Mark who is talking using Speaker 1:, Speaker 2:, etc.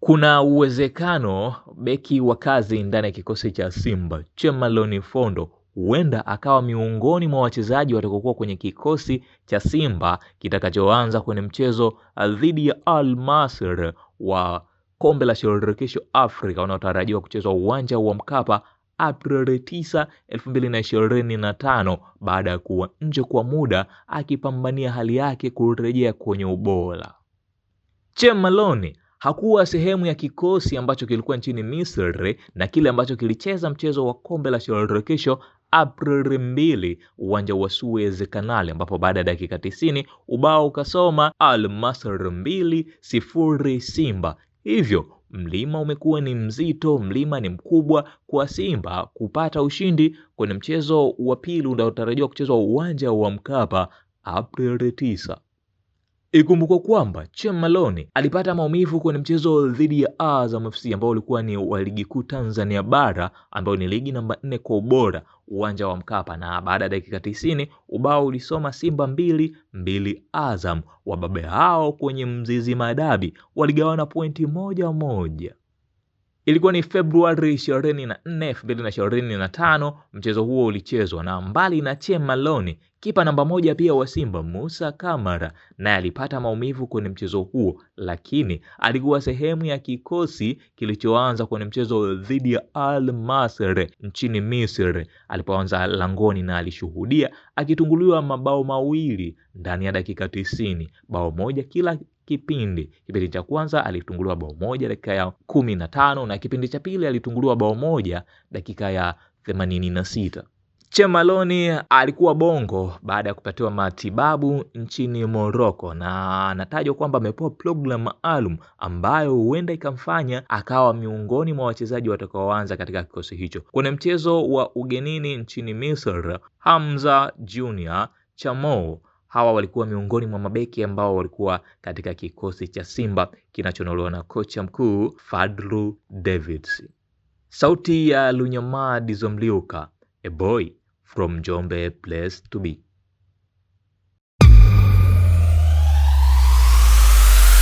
Speaker 1: Kuna uwezekano beki wa kazi ndani ya kikosi cha Simba Chemalon Fondo huenda akawa miongoni mwa wachezaji watakokuwa kwenye kikosi cha Simba kitakachoanza kwenye mchezo uh, dhidi ya Al wa kombe la shirikisho Afrika unaotarajiwa kuchezwa uwanja wa Mkapa Aprili 9, 2025 baada ya kuwa nje kwa muda akipambania hali yake kurejea kwenye ubora. Chemaloni hakuwa sehemu ya kikosi ambacho kilikuwa nchini Misri na kile ambacho kilicheza mchezo wa kombe la shirikisho Aprili mbili uwanja wa Suez Canal, ambapo baada ya dakika tisini ubao ukasoma Al Masr mbili sifuri Simba. Hivyo mlima umekuwa ni mzito, mlima ni mkubwa kwa Simba kupata ushindi kwenye mchezo wa pili unaotarajiwa kuchezwa uwanja wa Mkapa Aprili tisa. Ikumbukwa kwamba Cham Malone alipata maumivu kwenye mchezo dhidi ya Azam FC ambao ulikuwa ni wa ligi kuu Tanzania bara ambayo ni ligi namba nne kwa ubora uwanja wa Mkapa, na baada ya dakika tisini ubao ulisoma Simba mbili mbili Azam. Wababe hao kwenye mzizi madabi waligawana pointi moja moja. Ilikuwa ni Februari 24, 2025. Mchezo huo ulichezwa na mbali na Cham Malone, Kipa namba moja pia wa Simba Musa Kamara naye alipata maumivu kwenye mchezo huo, lakini alikuwa sehemu ya kikosi kilichoanza kwenye mchezo dhidi ya Al Masry nchini Misri alipoanza langoni, na alishuhudia akitunguliwa mabao mawili ndani ya dakika tisini, bao moja kila kipindi. Kipindi cha kwanza alitunguliwa bao moja dakika ya kumi na tano na kipindi cha pili alitunguliwa bao moja dakika ya themanini na sita. Chema alikuwa bongo baada ya kupatiwa matibabu nchini Morocco na anatajwa kwamba amepewa programu maalum ambayo huenda ikamfanya akawa miongoni mwa wachezaji watakaoanza katika kikosi hicho. Kwenye mchezo wa ugenini nchini Misri, Hamza Junior Chamo hawa walikuwa miongoni mwa mabeki ambao walikuwa katika kikosi cha Simba kinachonolewa na kocha mkuu Fadlu Davids. Sauti ya Lunyamadi Zomliuka, a boy from Jombe Place to B.